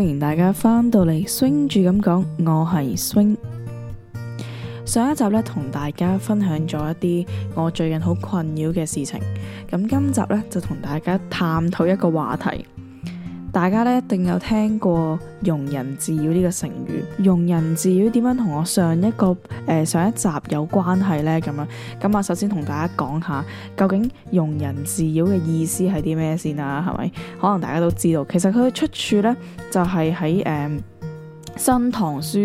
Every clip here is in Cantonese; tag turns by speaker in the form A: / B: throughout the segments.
A: 歡迎大家返到嚟 swing 住咁講，我係 swing。上一集呢，同大家分享咗一啲我最近好困擾嘅事情。咁今集呢，就同大家探討一個話題。大家咧一定有聽過庸人自擾呢個成語，庸人自擾點樣同我上一個誒、呃、上一集有關係呢？咁樣咁啊，我首先同大家講下，究竟庸人自擾嘅意思係啲咩先啦？係咪？可能大家都知道，其實佢嘅出處呢，就係喺誒、呃《新唐書》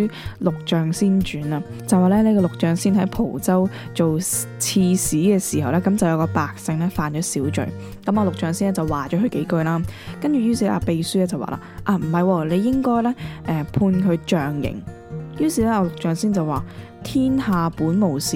A: 陸象先傳啊，就話咧呢，這個陸象先喺蒲州做刺史嘅時候咧，咁就有個百姓咧犯咗小罪，咁啊陸象先咧就話咗佢幾句啦，跟住於是阿秘書咧就話啦，啊唔係、哦、你應該咧誒判佢杖刑，於是咧阿陸象先就話，天下本無事，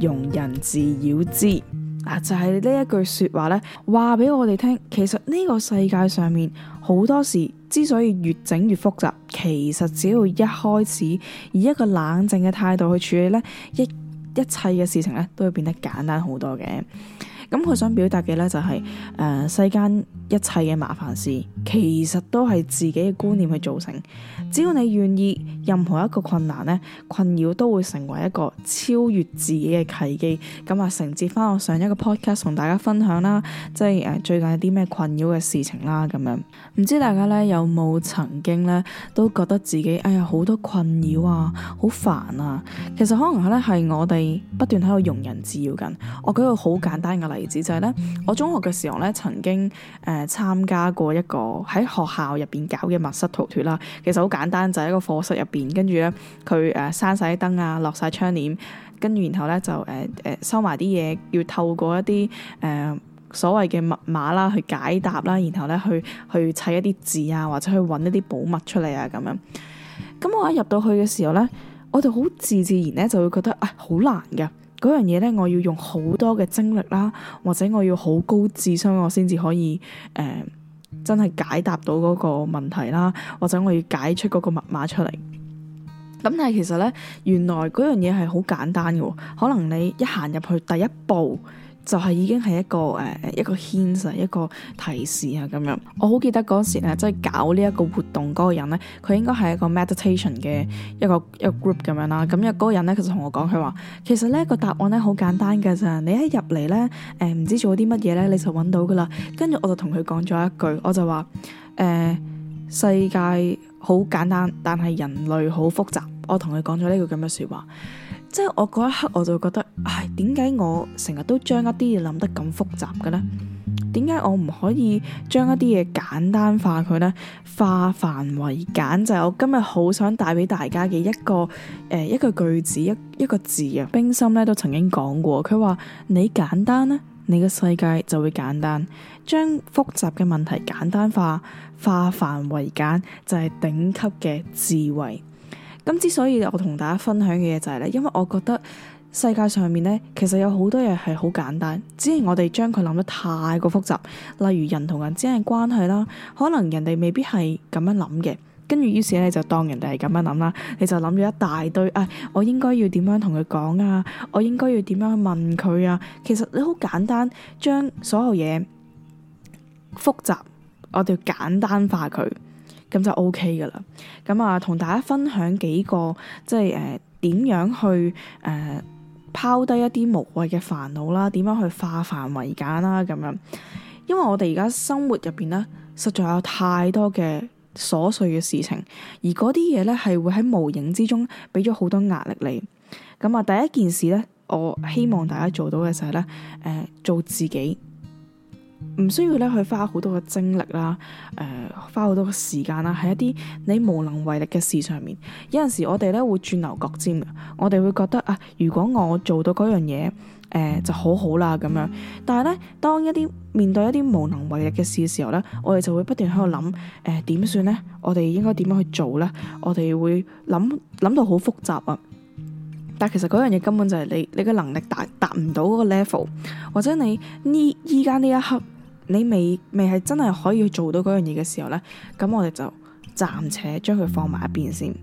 A: 庸人自擾之，嗱，啊、就係、是、呢一句說話咧話俾我哋聽，其實呢個世界上面好多事。之所以越整越複雜，其實只要一開始以一個冷靜嘅態度去處理呢一一切嘅事情呢，都會變得簡單好多嘅。咁佢想表達嘅呢，就係誒世間。一切嘅麻煩事，其實都係自己嘅觀念去造成。只要你願意，任何一個困難呢，困擾都會成為一個超越自己嘅契機。咁、嗯、啊，承、呃、接翻我上一個 podcast 同大家分享啦，即係誒、呃、最近有啲咩困擾嘅事情啦，咁樣唔知大家呢有冇曾經呢都覺得自己哎呀好多困擾啊，好煩啊。其實可能咧係我哋不斷喺度庸人自擾緊。我舉個好簡單嘅例子就係、是、呢：我中學嘅時候呢，曾經誒，呃參加過一個喺學校入邊搞嘅密室逃脫啦，其實好簡單，就喺個課室入邊，跟住咧佢誒閂晒燈啊，落晒窗簾，跟住然後咧就誒誒收埋啲嘢，要透過一啲誒所謂嘅密碼啦去解答啦，然後咧去去砌一啲字啊，或者去搵一啲寶物出嚟啊，咁樣。咁我一入到去嘅時候咧，我就好自自然咧就會覺得誒好難嘅。嗰樣嘢咧，我要用好多嘅精力啦，或者我要好高智商，我先至可以誒、呃，真係解答到嗰個問題啦，或者我要解出嗰個密碼出嚟。咁但係其實咧，原來嗰樣嘢係好簡單嘅，可能你一行入去第一步。就係已經係一個誒誒、呃、一個 hints 一個提示啊咁樣。我好記得嗰時咧，即係搞呢一個活動嗰個人咧，佢應該係一個 meditation 嘅一個一個 group 咁樣啦。咁有嗰個人咧，佢就同我講，佢話其實咧，個答案咧好簡單㗎咋，你一入嚟咧誒，唔知做啲乜嘢咧，你就揾到㗎啦。跟住我就同佢講咗一句，我就話誒、呃、世界好簡單，但係人類好複雜。我同佢講咗呢句咁嘅説話。即係我嗰一刻我就覺得，唉，點解我成日都將一啲嘢諗得咁複雜嘅呢？點解我唔可以將一啲嘢簡單化佢呢，化繁為簡就係、是、我今日好想帶俾大家嘅一個誒、呃、一個句、句子一一個字啊！冰心咧都曾經講過，佢話你簡單呢，你個世界就會簡單。將複雜嘅問題簡單化，化繁為簡就係、是、頂級嘅智慧。咁之所以我同大家分享嘅嘢就係咧，因為我覺得世界上面咧，其實有好多嘢係好簡單，只係我哋將佢諗得太過複雜。例如人同人之間嘅關係啦，可能人哋未必係咁樣諗嘅，跟住於是咧就當人哋係咁樣諗啦，你就諗咗一大堆。誒，我應該要點樣同佢講啊？我應該要點樣去、啊、問佢啊？其實你好簡單，將所有嘢複雜，我哋要簡單化佢。咁就 O K 噶啦，咁啊同大家分享幾個即係誒點樣去誒拋低一啲無謂嘅煩惱啦點樣去化繁為簡啦咁樣，因為我哋而家生活入邊咧，實在有太多嘅瑣碎嘅事情，而嗰啲嘢咧係會喺無形之中俾咗好多壓力你。咁啊，第一件事咧，我希望大家做到嘅就係咧，誒、呃、做自己。唔需要咧去花好多嘅精力啦，誒、呃，花好多嘅時間啦，喺一啲你無能為力嘅事上面。有陣時我哋咧會轉牛角尖，我哋會覺得啊，如果我做到嗰樣嘢，誒、呃、就好好啦咁樣。但係咧，當一啲面對一啲無能為力嘅事嘅時候咧，我哋就會不斷喺度諗，誒，點算咧？我哋應該點樣去做咧？我哋會諗諗到好複雜啊！但其實嗰樣嘢根本就係你你嘅能力達達唔到嗰個 level，或者你呢依家呢一刻，你未未係真係可以做到嗰樣嘢嘅時候呢，咁我哋就暫且將佢放埋一邊先。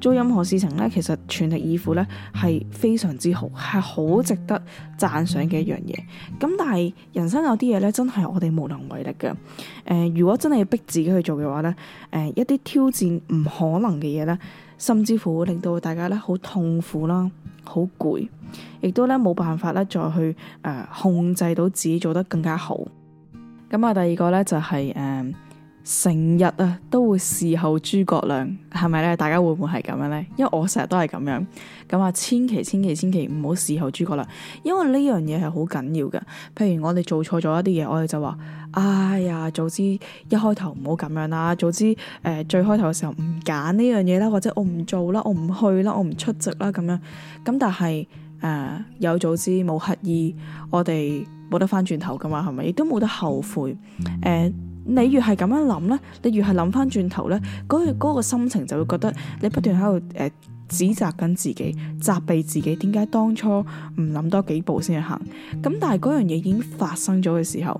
A: 做任何事情呢，其實全力以赴呢係非常之好，係好值得讚賞嘅一樣嘢。咁但係人生有啲嘢呢，真係我哋無能為力嘅。誒、呃，如果真係逼自己去做嘅話呢，誒、呃、一啲挑戰唔可能嘅嘢呢，甚至乎會令到大家呢好痛苦啦，好攰，亦都呢冇辦法咧再去誒、呃、控制到自己做得更加好。咁啊，第二個咧就係、是、誒，成、呃、日啊都會事後諸葛亮，係咪咧？大家會唔會係咁樣咧？因為我成日都係咁樣。咁、嗯、啊，千祈千祈千祈唔好事後諸葛亮，因為呢樣嘢係好緊要嘅。譬如我哋做錯咗一啲嘢，我哋就話：哎呀，早知一開頭唔好咁樣啦，早知誒、呃、最開頭嘅時候唔揀呢樣嘢啦，或者我唔做啦，我唔去啦，我唔出席啦，咁樣。咁但係誒、呃、有早知冇乞兒，我哋。冇得翻轉頭噶嘛，係咪？亦都冇得後悔。誒、呃，你越係咁樣諗咧，你越係諗翻轉頭咧，嗰、嗰個心情就會覺得你不斷喺度誒指責緊自己，責備自己點解當初唔諗多幾步先去行。咁但係嗰樣嘢已經發生咗嘅時候。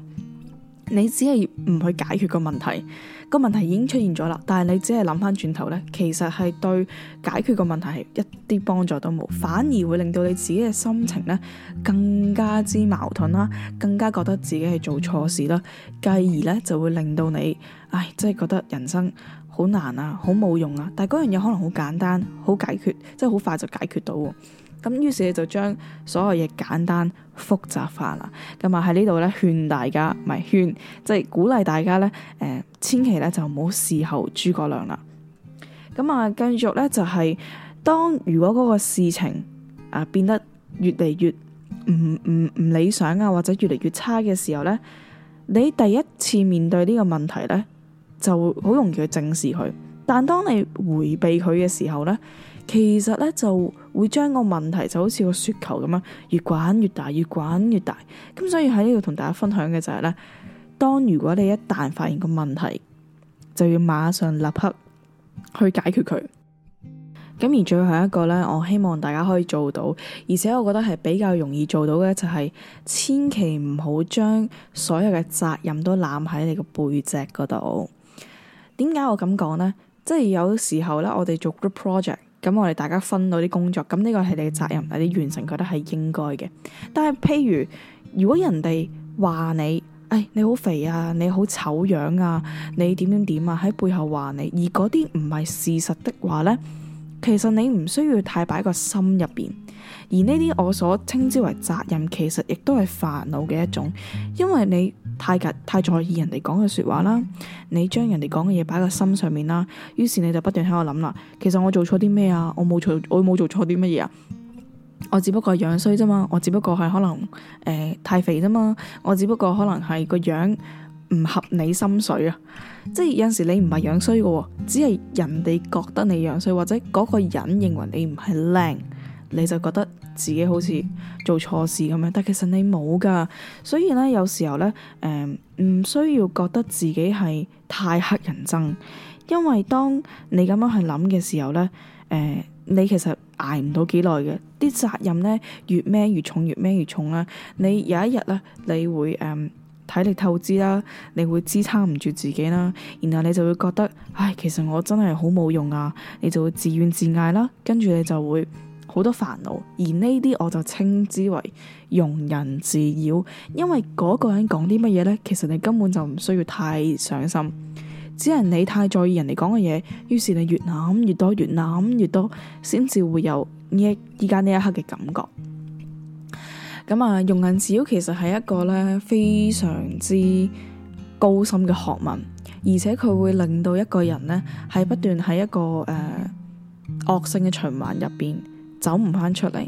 A: 你只係唔去解決個問題，個問題已經出現咗啦。但係你只係諗翻轉頭咧，其實係對解決個問題係一啲幫助都冇，反而會令到你自己嘅心情咧更加之矛盾啦，更加覺得自己係做錯事啦，繼而咧就會令到你唉，真係覺得人生好難啊，好冇用啊。但係嗰樣嘢可能好簡單，好解決，真係好快就解決到。咁於是咧就將所有嘢簡單複雜化啦。咁啊喺呢度咧勸大家，唔係勸，即係鼓勵大家咧，誒千祈咧就唔好事後諸葛亮啦。咁啊繼續咧就係當如果嗰個事情啊變得越嚟越唔唔唔理想啊，或者越嚟越差嘅時候咧，你第一次面對呢個問題咧，就好容易去正視佢。但當你迴避佢嘅時候咧，其實咧就會將個問題就好似個雪球咁樣，越滾越大，越滾越大。咁所以喺呢度同大家分享嘅就係咧，當如果你一旦發現個問題，就要馬上立刻去解決佢。咁而最後一個咧，我希望大家可以做到，而且我覺得係比較容易做到嘅就係，千祈唔好將所有嘅責任都攬喺你個背脊嗰度。點解我咁講呢？即係有時候咧，我哋做 group project。咁我哋大家分到啲工作，咁呢個係你嘅責任，你完成覺得係應該嘅。但係譬如如果人哋話你，唉、哎，你好肥啊，你好醜樣啊，你點點點啊，喺背後話你，而嗰啲唔係事實的話呢，其實你唔需要太擺個心入邊。而呢啲我所稱之為責任，其實亦都係煩惱嘅一種，因為你。太太在意人哋講嘅說話啦，你將人哋講嘅嘢擺喺個心上面啦，於是你就不斷喺度諗啦。其實我做錯啲咩啊？我冇錯，我冇做錯啲乜嘢啊？我只不過係樣衰啫嘛，我只不過係可能誒、呃、太肥啫嘛，我只不過可能係個樣唔合你心水啊。即係有陣時你唔係樣衰嘅，只係人哋覺得你樣衰，或者嗰個人認為你唔係靚。你就覺得自己好似做錯事咁樣，但其實你冇㗎。所以咧，有時候咧，誒、呃、唔需要覺得自己係太黑人憎，因為當你咁樣去諗嘅時候咧，誒、呃、你其實捱唔到幾耐嘅。啲責任咧，越孭越重，越孭越重啦。你有一日咧，你會誒、呃、體力透支啦，你會支撐唔住自己啦，然後你就會覺得，唉，其實我真係好冇用啊，你就會自怨自艾啦，跟住你就會。好多煩惱，而呢啲我就稱之為庸人自擾，因為嗰個人講啲乜嘢呢，其實你根本就唔需要太上心，只係你太在意人哋講嘅嘢，於是你越諗越多，越諗越多，先至會有呢依家呢一刻嘅感覺。咁啊，庸人自擾其實係一個呢非常之高深嘅學問，而且佢會令到一個人呢，係不斷喺一個誒、呃、惡性嘅循環入邊。走唔翻出嚟，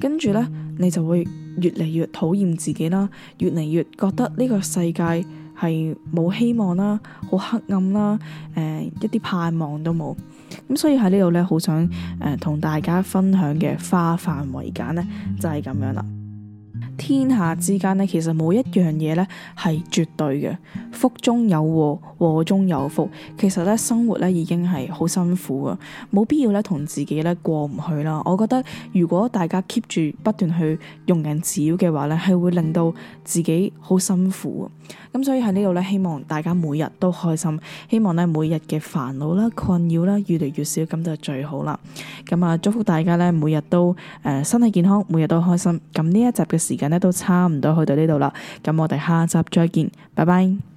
A: 跟住咧，你就會越嚟越討厭自己啦，越嚟越覺得呢個世界係冇希望啦，好黑暗啦，誒、呃，一啲盼望都冇。咁所以喺呢度咧，好想誒同、呃、大家分享嘅化繁為簡咧，就係、是、咁樣啦。天下之間呢，其實冇一樣嘢呢係絕對嘅，福中有禍，禍中有福。其實咧，生活咧已經係好辛苦啊，冇必要咧同自己咧過唔去啦。我覺得如果大家 keep 住不斷去庸人自擾嘅話咧，係會令到自己好辛苦。咁所以喺呢度咧，希望大家每日都開心，希望咧每日嘅煩惱啦、困擾啦越嚟越少，咁就最好啦。咁啊，祝福大家咧，每日都誒身體健康，每日都開心。咁呢一集嘅時間咧都差唔多去到呢度啦。咁我哋下一集再見，拜拜。